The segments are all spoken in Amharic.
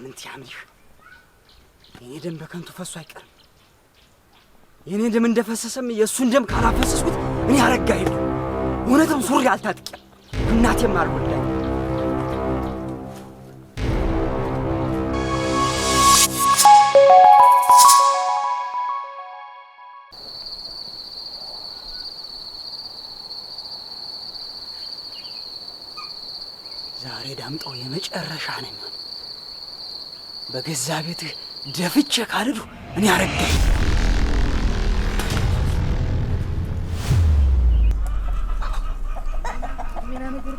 ሳምንት ያምልህ። የኔ ደም በከንቱ ፈሶ አይቀርም። የኔ ደም እንደፈሰሰም የእሱን ደም ካላፈሰስኩት እኔ አረጋ ይሉ እውነትም ሱሪ አልታጥቅም እናቴም አልወልዳኝ ዛሬ ዳምጠው የመጨረሻ ነው በገዛ ቤትህ ደፍቼ ካልዱ እኔ አረጋኝ። ሌላ ነገር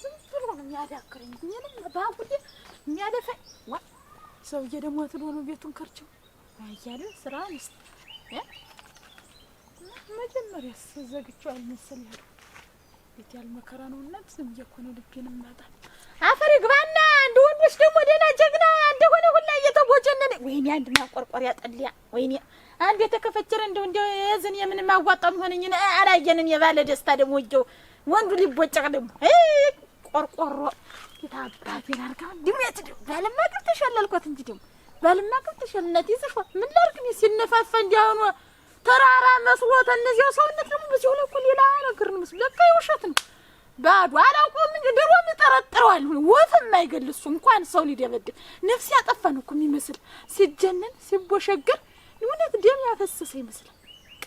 ዝም ብሎ ነው የሚያዳክረኝ። እኔንም በአጉዴ የሚያለፈኝ ዋ ሰውዬ ደግሞ ትሎ ነው ቤቱን ከርቸው እያለ ስራ ምስጥ መጀመሪያ ዘግቼዋል መሰል ያለ ቤት ያል መከራ ነው። እና ዝም እኮ ነው ልቤን ማጣል አፈር ግባና እንደ ወንዶች ደግሞ ደህና ጀግና እንደሆነ ሁላ እየተቦጨነነ ወይኔ አንድ ማቆርቆሪያ ጠልያ ወይኔ አንድ የተከፈቸረ እንደው እንደው የዝን የምን ማዋጣም ሆነኝ አላየንን የባለ ደስታ ደግሞ ወንዱ ሊቦጨቅ ደግሞ ቆርቆሮ ጌታ የታባት ላርጋ ድሜት ባልማ ግብ ተሸለልኮት እንጂ ደግሞ ባልማ ግብ ተሸልነት ይዝሾ ምን ላርግ እኔ ሲነፋፋ እንዲያሆኑ ተራራ መስሎት እነዚያው ሰውነት ደግሞ በዚህ ሆነ እኮ ሌላ ነገር ነው መስሎ ለካ የውሸት ነው። ባዶ አላውቀውም እንጂ ድሮም ይጠረጥረዋል። ወፍ የማይገል እሱ እንኳን ሰው ሊደበድብ ነፍስ ያጠፋን እኮ የሚመስል ሲጀነን ሲቦሸገር እውነት ደም ያፈሰሰ ይመስላል።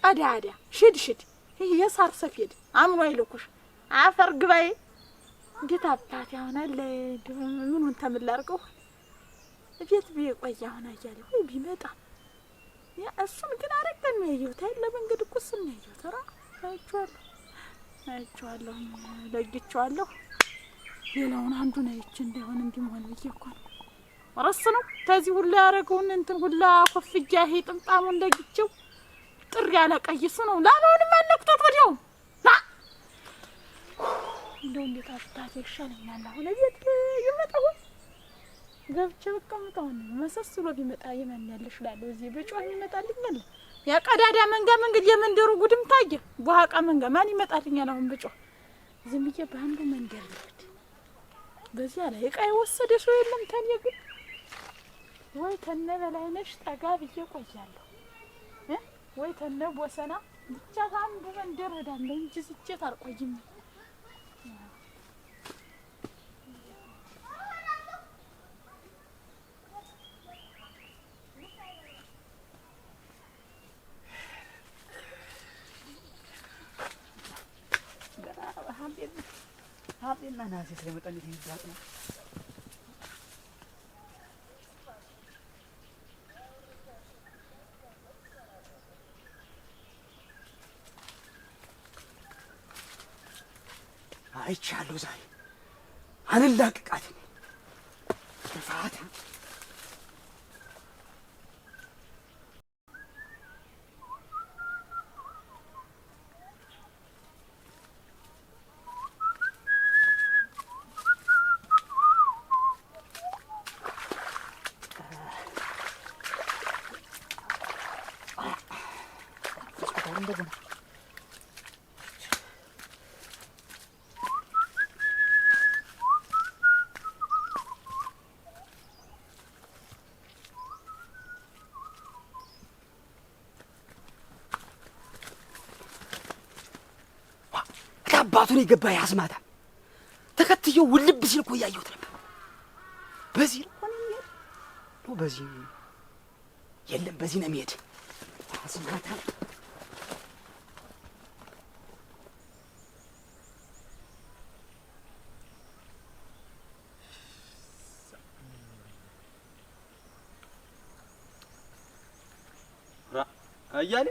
ቀዳዳ ሽድ ሽድ ይሄ የሳር ሰፌድ አምኖ አይለኩሽ አፈር ግባይ እንዴት አባት ያሆናል። ምኑን ተምላርቀው ቤት ቆየ አሁን አያለ ወይ ቢመጣ እሱም ግን አረግተን ነው ያየሁት። አይ ለመንገድ እኮ እሱም ነው ያየሁት። ኧረ አይቼዋለሁ፣ አይቼዋለሁ፣ ለይቼዋለሁ። ሌላውን አንዱን አይቼ እንዳይሆን እንዲህ ብዬ እኮ ነው። ኧረ ነው ከዚህ ሁላ ያደረገውን እንትን ሁላ ኮፍያ ይሄ ጥምጣሙን ለይቼው ጥር ያለ ቀይሱ ነው ላማውንም አነክቶት እናቴ ይሻለኛል። አሁን እቤት ይመጣሁ ገብቼ ነው መሰስሎ ቢመጣ የማን ያለሽ እዚህ ይመጣልኛል። ያ ቀዳዳ መንጋ መንገድ የመንደሩ ጉድም ታየ። ቧሃቃ መንጋ ማን ይመጣልኛል? አሁን ዝም ብዬ በአንዱ መንገድ ልሂድ። በዚያ ላይ እቃ የወሰደ ሰው የለም። ግን ወይ ተነ በላይነሽ ጠጋ ብዬ ቆያለሁ ወይ ተነ ቦሰና ብቻ እንጂ አልቆይም። ሀጢና ናሴ ስለመጣ እንዴት ይዛጥ ነው عند بنا አባቱን የገባ ያስማታ ተከትየው ውልብ ሲል እኮ እያየሁት ነበር። በዚህ ነው ነው በዚህ የለም፣ በዚህ ነው የሚሄድ አስማታ አያሌ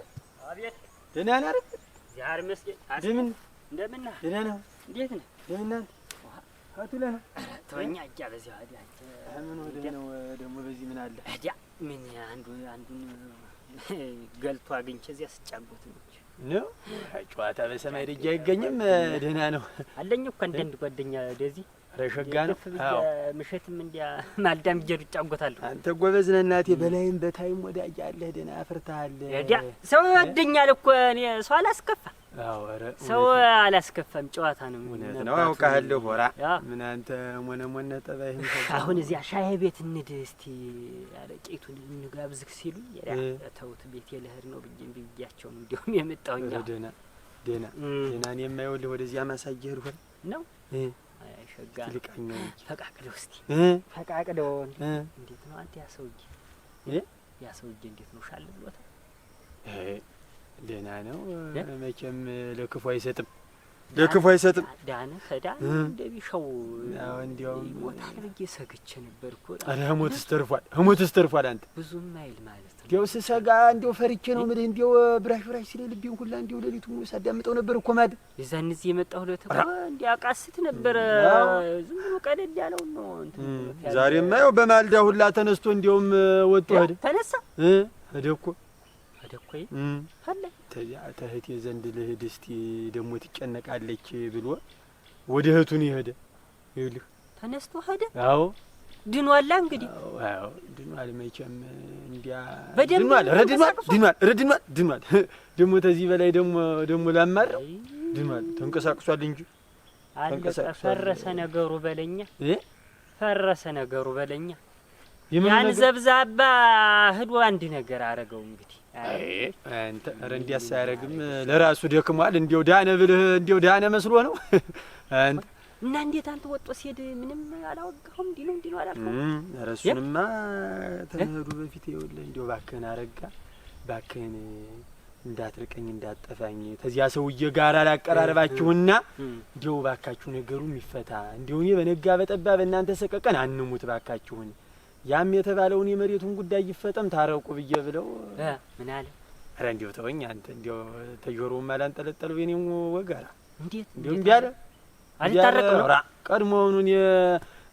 አቤት፣ ደህና ነህ አይደል? ዛሬ መስጊድ እንደምን እንደምን ነህ? ደህና ነህ? እንዴት ነህ? ደህና ነህ? አትለህ ነው ተወኛ እጃ በዚህ አዲያ ምን ወደ ነው ደግሞ በዚህ ምን አለ አዲያ ምን አንዱ አንዱን ገልቶ አግኝቼ እዚያ ስጫጎት ነው ነው ጨዋታ በሰማይ ደጃ አይገኝም። ደህና ነው አለኝ እኮ አንዳንድ ጓደኛ ወደዚህ ረሸጋ ነው ምሽትም እንዲያ ማልዳም እጀ ዱጫ አንተ ጎበዝ ነህ እናቴ፣ በላይም በታይም ወዳጅ አለ። ደህና አፍርተሃል። ሰው ይወደኛል እኮ እኔ ሰው አላስከፋ ሰው አላስከፋም። ጨዋታ ነው እውነት ነው አውቃለሁ። ሆራ ምን አንተ ሞነ ሞነ ጠባይ። አሁን እዚያ ሻይ ቤት እንድ እስቲ አረቄቱን እንጋብዝክ ሲሉ ተውት ቤት የለህድ ነው ብዬ እምቢ ብያቸው ነው እንዲሁም የመጣሁኛ። ደህና ደህና ደህና እኔ የማይወልህ ወደዚያ ማሳየህ ልሆን ነው ሸጋ ፈቃቅደው እስኪ ፈቃቅደው እንዴት ነው አንተ ያሰውጅ ያሰውጅ እንዴት ነው ሻል ብሎታል? ደህና ነው መቼም ለክፉ አይሰጥም ለክፉ አይሰጥም። ዳነ ከዳነ እንደሚሻው እንዲያውም ሞታል ብዬ ሰግቼ ነበር እኮ። ኧረ ህሞትስ ተርፏል፣ ህሞትስ ተርፏል። አንተ ብዙም አይል ማለት እንዲያው ስሰጋ እንዲያው ፈርቼ ነው የምልህ። እንዲያው ብራሽ ብራሽ ሲለኝ ልቤን ሁላ እንዲያው ሌሊቱ ሙሉ ሳዳምጠው ነበር እኮ ማድ የዛን እዚህ የመጣሁ ለተ እንዲያ አቃስት ነበረ። ዝም ብሎ ቀደድ ያለው ነው። ዛሬማ ያው በማልዳ ሁላ ተነስቶ እንዲያውም ወጡ ሄደ። ተነሳ ሄደ እኮ ሄደ እኮ አለ። ተዚያ ተህቴ ዘንድ ልሂድ እስቲ ደግሞ ትጨነቃለች ብሎ ወደ እህቱን ይሄደ። ይኸውልህ ተነስቶ ሄደ። አዎ ድኗላ እንግዲህ ድኗል። መቼም እንዲያ ድኗል፣ ድኗል፣ ድኗል፣ ድኗል። ደግሞ ተዚህ በላይ ደግሞ ደግሞ ላማረው ድኗል። ተንቀሳቅሷል እንጂ አለቀ። ፈረሰ ነገሩ በለኛ፣ ፈረሰ ነገሩ በለኛ። ያን ዘብዛባ ህዶ አንድ ነገር አረገው እንግዲህ። ኧረ እንዲያስ አያረግም። ለራሱ ደክሟል። እንዲው ዳነ ብልህ እንዲው ዳነ መስሎ ነው አንተ እና እንዴት አንተ ወጦ ሲሄድ ምንም አላወጋሁም እንዲህ ነው እንዲህ ነው አላልኩም። ኧረ እሱንማ ተመሄዱ በፊት ይኸውልህ እንዲያው እባክህን አረጋ እባክህን እንዳትርቀኝ እንዳጠፋኝ ተዚያ ሰውዬ ጋር አላቀራረባችሁና እንዲያው እባካችሁ ነገሩ የሚፈታ እንዲያው እኔ በነጋ በጠባ በእናንተ ሰቀቀን አንሙት እባካችሁን ያም የተባለውን የመሬቱን ጉዳይ ይፈጠም ታረቁ ብዬ ብለው ምን አለ ኧረ እንዲያው ተወኝ አንተ እንዲያው ተጆሮውም አላንጠለጠለው የኔን ወገራ እንዴት እንዲያው እምቢ አለ አልታረቅም ነው ቀድሞውኑን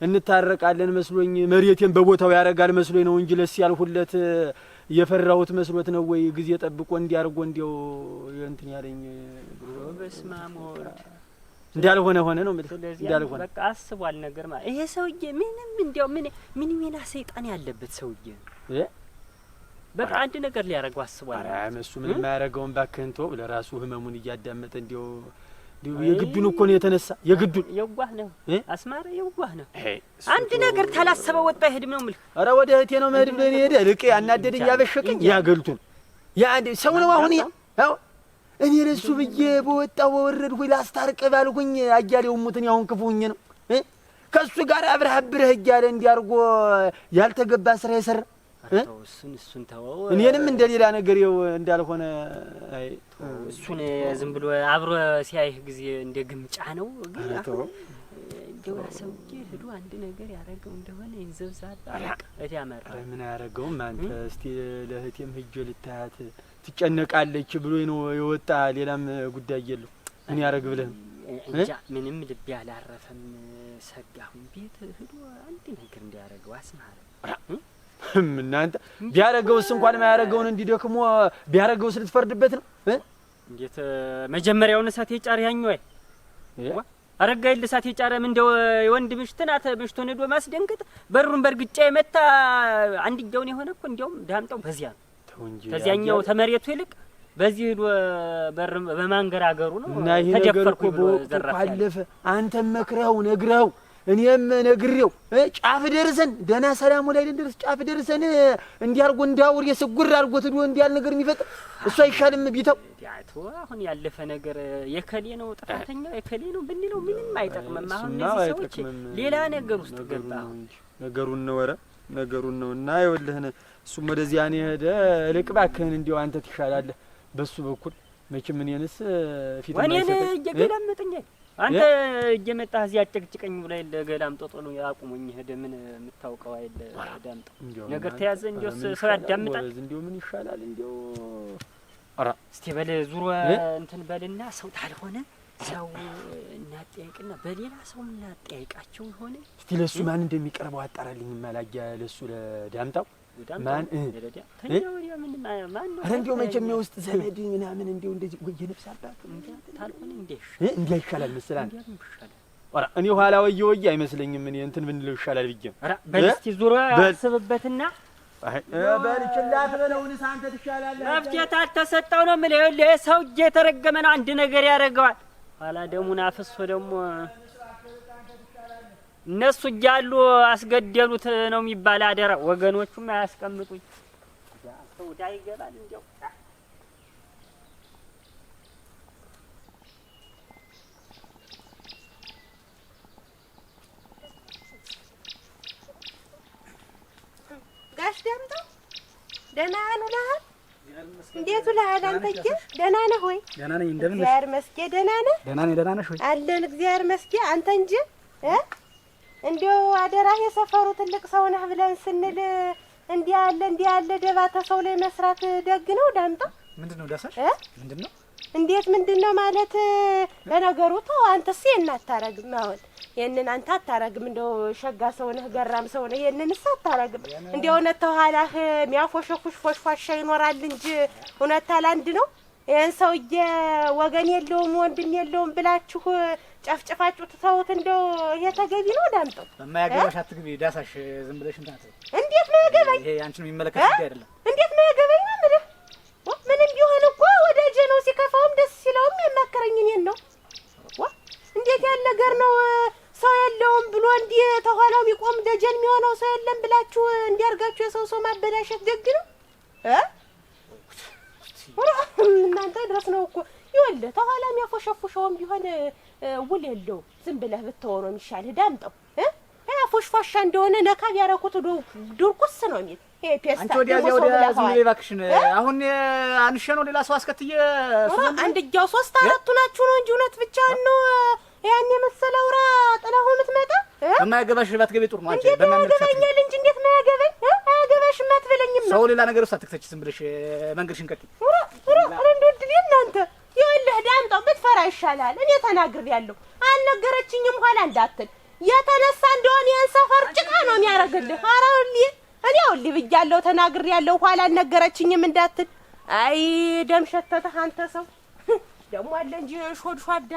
እንታረቃለን መስሎኝ መሬቴን በቦታው ያረጋል መስሎኝ ነው እንጂ ለስ ያልሁለት የፈራሁት መስሎት ነው ወይ ጊዜ ጠብቆ እንዲያርጎ እንዲው እንትን ያለኝ በስመ አብ እንዳልሆነ ሆነ ነው ማለት እንዳልሆነ በቃ አስቧል ነገር ማለት ይሄ ሰውዬ ምንም እንዲያው ምን ምን ሜላ ሰይጣን ያለበት ሰውዬ ነው። በቃ አንድ ነገር ሊያደርገው አስቧል። አይ እሱ ምንም አያደርገውም። እባክህን ተወው። ለራሱ ህመሙን እያዳመጠ እንዲያው የግዱን እኮ ነው የተነሳ የግዱን የዋህ ነው አስማረ፣ የዋህ ነው። አንድ ነገር ታላሰበ ወጣ አይሄድም ነው የምልህ። ኧረ ወደ እህቴ ነው መሄድ ብለን ሄደ። ልቄ አናደደኝ፣ ያበሸቀኝ ያገልቱን ሰው ነው አሁን ያ አው እኔ ለሱ ብዬ በወጣ ወረድ ሆይ ላስታርቅ ባልኩኝ አያሌው ሙትን ያሁን ክፉኝ ሁኜ ነው ከእሱ ጋር አብረህ አብረህ እያለ እንዲያርጎ ያልተገባ ስራ የሰራ እሱን እሱን ተወው። እኔንም እንደ ሌላ ነገር ይኸው እንዳልሆነ እሱን ዝም ብሎ አብሮ ሲያይህ ጊዜ እንደ ግምጫ ነው። ግን እንደው ሰውዬ ሂዶ አንድ ነገር ያደረገው እንደሆነ ይንዘብዛብ እህቴ አመራ ምን አያረገውም። አንተ እስቲ ለእህቴም ሂጅ ልታያት ትጨነቃለች ብሎ ነው የወጣ። ሌላም ጉዳይ የለው ምን ያደረግ ብለህ እንጃ ምንም ልቤ አላረፈም። ሰጋሁን ቤት ሂዶ አንድ ነገር እንዲያደረገው አስማረ እናንተ ቢያረገውስ እንኳን ማያረገውን እንዲደክሞ ቢያረገውስ ልትፈርድበት ነው? እንዴት መጀመሪያውን እሳት የጫረ ያኝ ወይ አረጋይ እሳት የጫረ ምን እንደው የወንድ ምሽት ናት። ምሽቱን ሄዶ ማስደንገጥ በሩን በእርግጫ የመታ አንድ እጃውን የሆነ እኮ እንዲያውም ዳምጠው በዚያ ነው ከዚያኛው ተመሬቱ ይልቅ በዚህ ሄዶ በር አገሩ ነው። ተደፈርኩ ይሄ ዘራፍ እኮ አለፈ። አንተም መክረው ነግረው እኔም ነግሬው ጫፍ ደርሰን ደህና ሰላሙ ላይ ልንደርስ ጫፍ ደርሰን እንዲህ አድርጎ እንዳውር የስጉር አድርጎት ዶ እንዲህ ያለ ነገር የሚፈጥር እሱ አይሻልም? ቢተው ዲያቶ አሁን ያለፈ ነገር የከሌ ነው ጥፋተኛ የከሌ ነው ብንለው ምንም አይጠቅምም። አሁን እነዚህ ሰዎች ሌላ ነገር ውስጥ ገባ። አሁን ነገሩን ነው ኧረ ነገሩን ነው እና ይኸውልህን እሱም ወደዚያ እኔ ሄደ ልቅ እባክህን እንዲያው አንተ ትሻላለህ በሱ በኩል መቼም እኔንስ ፊት ወኔን እየገላመጠኛል አንተ እየመጣህ እዚህ አጨቅጭቀኝ ብላ የለ ገላም ጦጦ ነው ሄደ። ምን የምታውቀው አይደል? ዳምጠው ነገር ተያዘ። እንዲያው ሰው ያዳምጣል። እንዲያው ምን ይሻላል? እንዲያው ኧረ እስቲ በል ዙሮ እንትን በልና ሰው ታልሆነ ሰው እናጠያይቅና በሌላ ሰው እናጠያይቃቸው ይሆነ። እስቲ ለእሱ ማን እንደሚቀርበው አጣራልኝ። ማላጊያ ለእሱ ለዳምጣው እንዲያው መቼም የውስጥ ዘመድ ምናምን እንዲያው እንደዚህ ወይ የነፍስ አባት እንዲያ ይሻላል እኔ ኋላ ወየ ወየ አይመስለኝም። እኔ እንትን ብንለው ይሻላል ብዬሽ በስቲ ዙሮ አስብበትና በል አልተሰጠው ነው የምልህ። ይኸውልህ ሰውዬ አንድ ነገር ያደርገዋል። ኋላ ደሙን አፍሶ ደግሞ እነሱ እያሉ አስገደሉት ነው የሚባል አደረ ወገኖቹም አያስቀምጡኝ ሰው ዳ ይገባል እንዲያው ጋሽ ዳምጠው ደህና ውለሃል? እንዴት ውለሃል? አንተዬ ደህና ነህ ወይ? ደህና ነኝ። እንደምን እግዚአብሔር ይመስገን። ደህና ነህ? ደህና ነኝ። ደህና ነሽ ወይ? አለን እግዚአብሔር ይመስገን። አንተ እንጂ እ እንዲያው አደራህ የሰፈሩ ትልቅ ሰው ነህ ብለን ስንል እንዲህ ያለ እንዲህ ያለ ደባ ተሰው ላይ መስራት ደግ ነው። ዳምጣ ምንድነው? ዳሳሽ እንዴት ምንድነው ማለት? ለነገሩ ተው አንተስ ይሄን አታረግም። አሁን ይሄንን አንተ አታረግም። እንደው ሸጋ ሰው ነህ፣ ገራም ሰው ነህ። ይሄንንስ አታረግም። እንደ እውነት ተኋላህ ሚያፎሸኩሽ ፎሽፏሻ ይኖራል እንጂ እውነት ታላንድ ነው። ይህን ሰውዬ ወገን የለውም ወንድም የለውም ብላችሁ ጨፍጭፋችሁ ትተውት እንደው ይሄ ነው? ዳምጠው በማያገባሽ አትግቢ። ዳሳሽ ዝም ብለሽ እንትን እንዴት ነው ያገባኝ? ይሄ አንቺን የሚመለከት ጉዳይ አይደለም። እንዴት ነው ያገባኝ? ምንም ምንም ቢሆን እኮ ወደ ነው። ሲከፋውም ደስ ሲለውም የማከረኝ እኔን ነው። እንዴት ያለ ነገር ነው? ሰው የለውም ብሎ እንዲህ ተኋላው የሚቆም ደጀን የሚሆነው ሰው የለም ብላችሁ እንዲያርጋችሁ የሰው ሰው ማበላሸት ደግ ነው? እ እናንተ ድረስ ነው እኮ ይኸውልህ፣ ተኋላ የሚያፎሸፉሸውም ቢሆን ውል የለው ዝም ብለህ ብትወው ነው የሚሻልህ። ዳምጠው ፎሽፏሻ እንደሆነ ነካ ቢያረኩት ድርቁስ ነው የሚል አንቺ ወዲያ ወዲያ ዝም ብለህ እባክሽን፣ አሁን አንሸ ነው ሌላ ሰው አስከትዬ አንድያው ሶስት አራቱ ናችሁ ነው እንጂ እውነት ብቻ ነው ያን የመሰለ አውራ ጥላሁ የምትመጣ በማያገባሽ ባትገቢ ጥሩ ነው። አንቺ በማያገባኛል እንጂ እንዴት ማያገባኝ አያገባሽ አትበለኝም። ሰው ሌላ ነገር ውስጥ አትክተች። ዝም ብለሽ መንገድሽን ቀጥይ። ረ ራ ራ እንደወድል እናንተ ይኸውልህ ዳምጠው ብትፈራ ይሻላል። እኔ ተናግሬያለሁ። አልነገረችኝም ኋላ እንዳትል የተነሳ እንደሆነ ይህን ሰፈር ጭቃ ነው የሚያደርግልህ። ኧረ ይኸውልህ እኔ ይኸውልህ ብያለሁ፣ ተናግሬያለሁ። ኋላ አልነገረችኝም እንዳትል። አይ ደም ሸተተህ አንተ ሰው ደግሞ አለ እንጂ ሾድሿዳ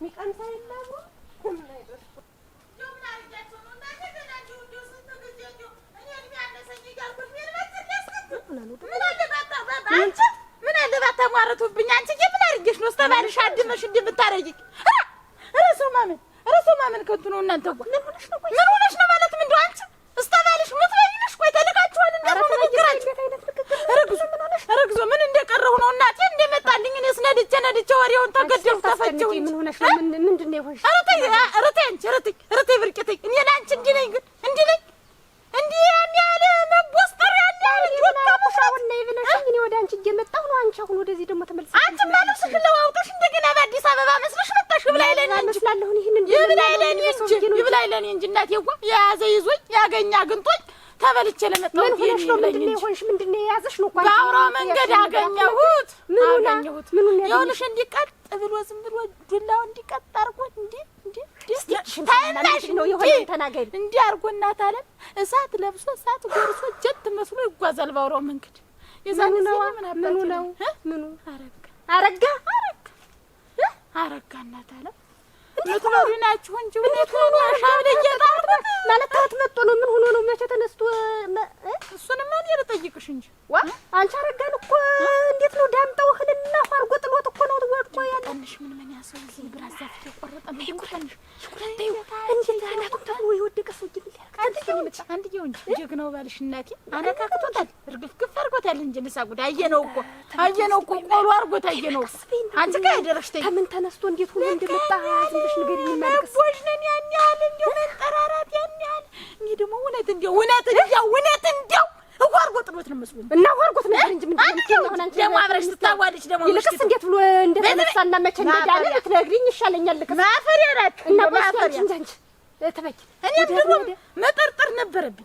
የሚቀምሰ የለም የምታማርቱብኝ አንቺ ምን አድርጌሽ ነው ስተባልሽ አድመሽ እንደምታረጊኝ? ኧረ ሰው ማመን ኧረ ሰው ማመን ከንቱ ነው። እናንተ ጓ ምን ሆነሽ ነው? ምን ሆነሽ ነው ማለት ምንድን ነው? አንቺ እስተባልሽ ምትበይነሽ ቆይ ተልካችኋል። እና ረግዞ ምን እንደቀረሁ ነው እናቴ እንደመጣልኝ እኔስ ነድቼ ነድቼ ወሬውን ተገደልኩ ተፈጀሁ። ምን ሆነሽ ነው? ምንድን ነው የሆንሽ? አንቺ ይብላኝ ለእኔ እንጂ እናቴዋ የያዘ ይዞኝ ያገኘ አግኝቶኝ ተበልቼ ለመጣሁ ምን ሆነሽ ነው? ምንድን ነው የሆንሽ? ምንድን ነው የያዘሽ ነው? በአውራው መንገድ አገኘሁት አገኘሁት። ይኸውልሽ እንዲቀጥ ብሎ ዝም ብሎ ዱላው እንዲቀጥ አድርጎ እንዲህ እንዲህ ታይናሽ ነው የሆነ ተናገሪ እንዲህ አድርጎ እናት አለም እሳት ለብሶ እሳት ጎርሶ ጀት መስሎ ይጓዛል በአውራው መንገድ። የዛን ነው ምኑ ነው ምኑ አረጋ አረጋ አረጋ እናት አለም ልትኖሪ ናችሁ እንጂ ሻብለ ማለት ታት መጥቶ ነው። ምን ሆኖ ነው? መቼ ተነስቶ? እሱንማ እኔ ልጠይቅሽ እንጂ ዋ አንቺ አረጋን እኮ እንዴት ነው ዳምጠው እህልና አርጎ ጥሎት እኮ ነው ምን ምን ያሰው ዛፍ ሰው እንጂ ጀግናው ባልሽ እናቴ አነካክቶታል። እርግፍግፍ አርጎታል እንጂ ንሳ ጉድ አየነው እኮ አየነው እኮ ቆሎ አርጎት አየነው። አንቺ ጋር ተይ ከምን ተነስቶ እንዴት ሁሉ እንደመጣ ትንሽ ንገሪኝ ይማርከስ ቦጅ ነን ያን ያህል እንዴ መንጠራራት ያን ያህል እኔ ደግሞ እውነት እንዴ እውነት እንዴ እውነት እንዴ እኮ አድርጎ ነው መስሎኝ እና እኮ አድርጎት ነበር እንጂ ደግሞ አብረሽ ትታዋለች። ደግሞ ልክስ እንዴት ብሎ እንደተነሳና መቼ እንደዳለ ብትነግሪኝ ይሻለኛል። ልክስ ማፈሪያ ናት እና ማፈሪያ እንጂ ተበቂ እኔም ደግሞ መጠርጠር ነበረብኝ።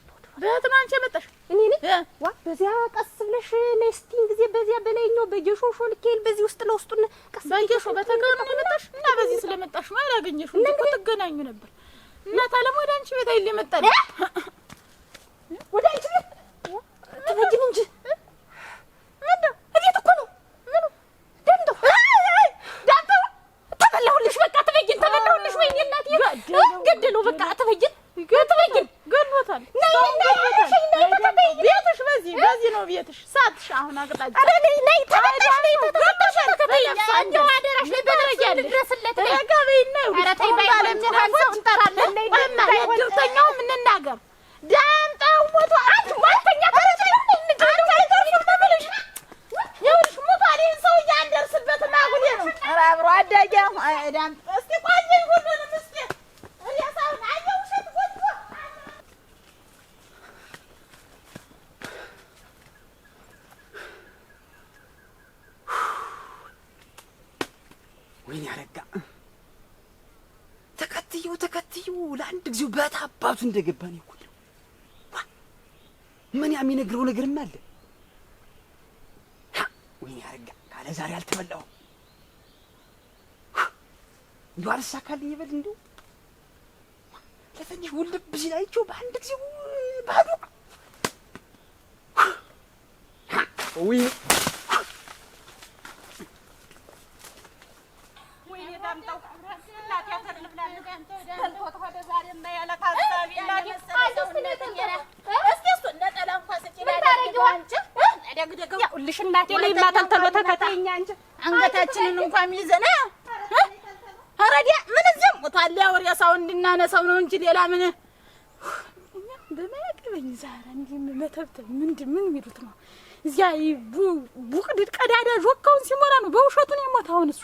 በየት ነው አንቺ የመጣሽ? እኔ ዋ በዚያ ቀስ ብለሽ ነይ እስቲ እንግዲህ በዚያ በላይኛው በጌሾ ሾልኬል በዚህ ውስጥ ለውስጡን ቀስ በጌሾ በተገኑ ነው የመጣሽ እና በዚህ ስለመጣሽ ነው አላገኘሽም እኮ ትገናኙ ነበር። እና ታለም ወደ አንቺ ቤት አይል ይመጣል ወደ አንቺ ቤት ትፈጅም እንጂ ተበላሁልሽ በቃ ተበይን፣ ገደለው በቃ ተበይን አሁን አቅጣጫ አባትየው ለአንድ ጊዜው በታ አባቱ እንደገባ ነው እኮ ምን ያ የሚነግረው ነገርም አለ። ወይኔ አረጋ ካለ ዛሬ አልተበላሁም እንዲ አልሳካልኝ ይበል እንዲሁ ለትንሽ ውልብ ሲል አይቼው በአንድ ጊዜ ባዶ ወይኔ ወይኔ ዳምጣው ይኸውልሽ እናቴ እኔማ ተልተሎ አንገታችንን እንኳን ይዘና ኧረ ምን እዚያም ሞቷል። ያው ሬሳውን እንድናነሳው ነው እንጂ ሌላ ምን በማያገበኝ ዛሬ እንዲህ መተብተብ ምንድን ምን የሚሉት ነው? እዚያ ቡቅድድ ቀዳዳ ዦካውን ሲሞላ ነው በውሸቱን የሞታውን እሱ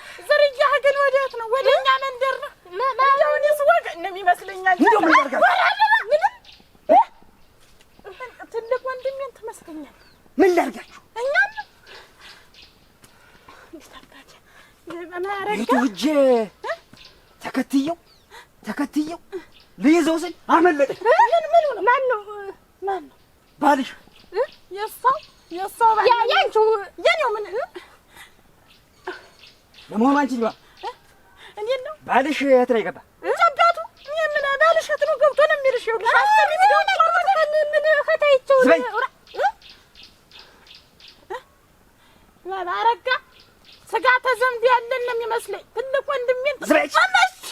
ትልቅ ወንድሜን ትመስለኛል። ምን ላድርጋችሁ? እኛም ሂጅ ተከትየው ተከትየው ልይዘው ስል አመለጠኝ። ማን ነው ማን ነው ባልሽ? የእሷው የእሷው ባል ያንቺው የኔው ምን ለመሆኑ አንቺ ልባ እኔ ነው ባልሽ የት ነው የገባ አረጋ ስጋ ተዘምዶ ያለን ነው የሚመስለኝ። ትልቅ ወንድሜን አመሽ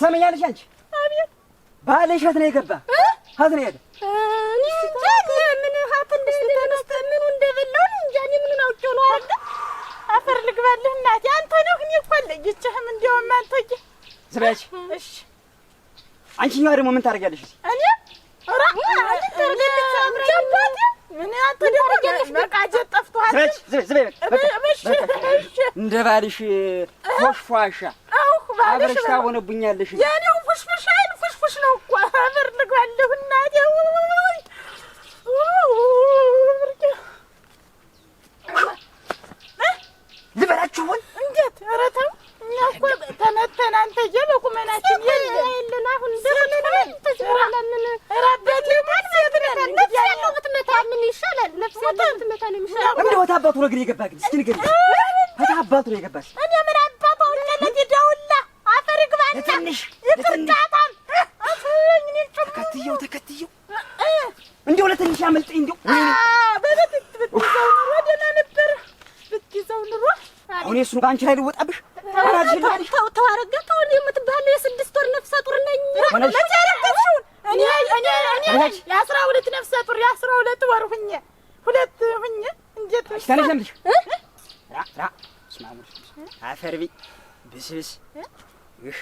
ሰመኛለሽ አንቺ አቤት ባለሽ ነው የገባ? ሀት ነው የሄደ? ምን ሀት እንደተነስተ ምኑ እንደበላው እንጃ። እኔ ምኑን አውቄው ነው አረጋ። አፈር ልግባልህ እናቴ። አንተ ነው እኔ እኮ አለየችህም። እንዲያውም አንተዬ ዝራሽ እሺ አንቺኛዋ ደግሞ ምን ታደርጊያለሽ? እኔ ራ ጀባቴ ምን አትደረገልሽ? በቃ ጠፍቷል። እንደ ባልሽ አብረሽ ታሆነብኛለሽ። የኔው ፉሽፉሽ ፉሽፉሽ ነው እኮ አብር ልጓለሁ እናቴ የገባሽ? እኔ ምን አባባው ለለት ይደውላ አፈር ግባና ትንሽ ይቅርታታም ተከትየው ተከትየው እንደው ለትንሽ ያመልጠኝ እንደው ብትይዘው ኑሮ አሁን እሱን በአንቺ ላይ ልወጣብሽ ተው ተው አረጋ ተው። እኔ የምትባለው የስድስት ወር ነፍሰ ጡር ነኝ። መቼ ያረገዝሽውን? እኔ እኔ እኔ የአስራ ሁለት ነፍሰ ጡር የአስራ ሁለት ወር ሁኜ ሁለት ሁኜ እንዴት ተነሽ ለምልሽ በስመ አፈር ብስብስ እህ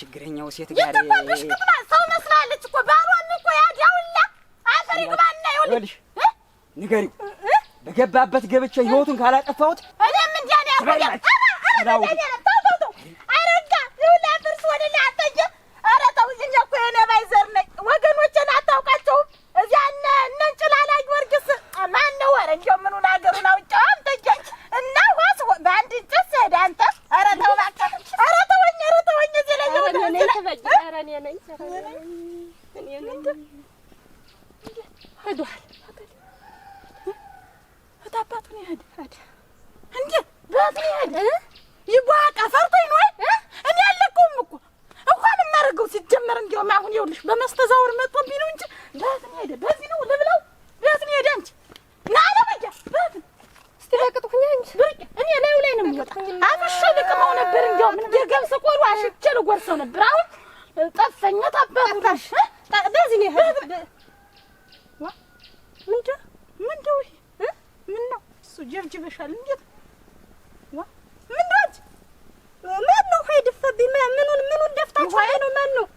ችግረኛው ሴት ጋር ሰው መስላለች እኮ እኮ ያዲያውላ አፈር ይግባና ይኸውልሽ ንገሪው በገባበት ገብቼ ህይወቱን ካላጠፋሁት እኔም ወገኖችን አታውቃቸውም? እዚያ እነ እንጭላላ ጊዮርጊስ ምኑን አገሩን እና ዋስ በአንድ እንጨት ስሄድ አንተ ኧረ ተው እባክህ፣ ኧረ ተወኝ፣ ኧረ ተወኝ። እዚህ ላይ እኔ አለቀውም እኮ እንኳን የማደርገው ሲጀመር፣ እንዲያውም አሁን ይኸውልሽ በመስተዛወር መጥቶብኝ ነው እንጂ በትን ሄደ በዚህ ነው ልብለው በትን ሄደ አንቺ ና አለ በያ በትን እስቲ በቅጥኩኝ እንጂ ብርቅ እኔ ላዩ ላይ ነው የሚወጣ። አፍሼ ልቅመው ነበር እንዲያውም እንደ ገብስ ቆሎ አሽቼ ልጎርሰው ነበር። አሁን ጠፈኛ ታባቁታሽ በዚህ ነው ምንድን ምንድን ይሄ ምን ነው እሱ ጀብጅበሻል። እንዴት ምንድን ማን ነው ሆይ ድፈብኝ ምኑን ምኑን ደፍታችሁ ነው ማን ነው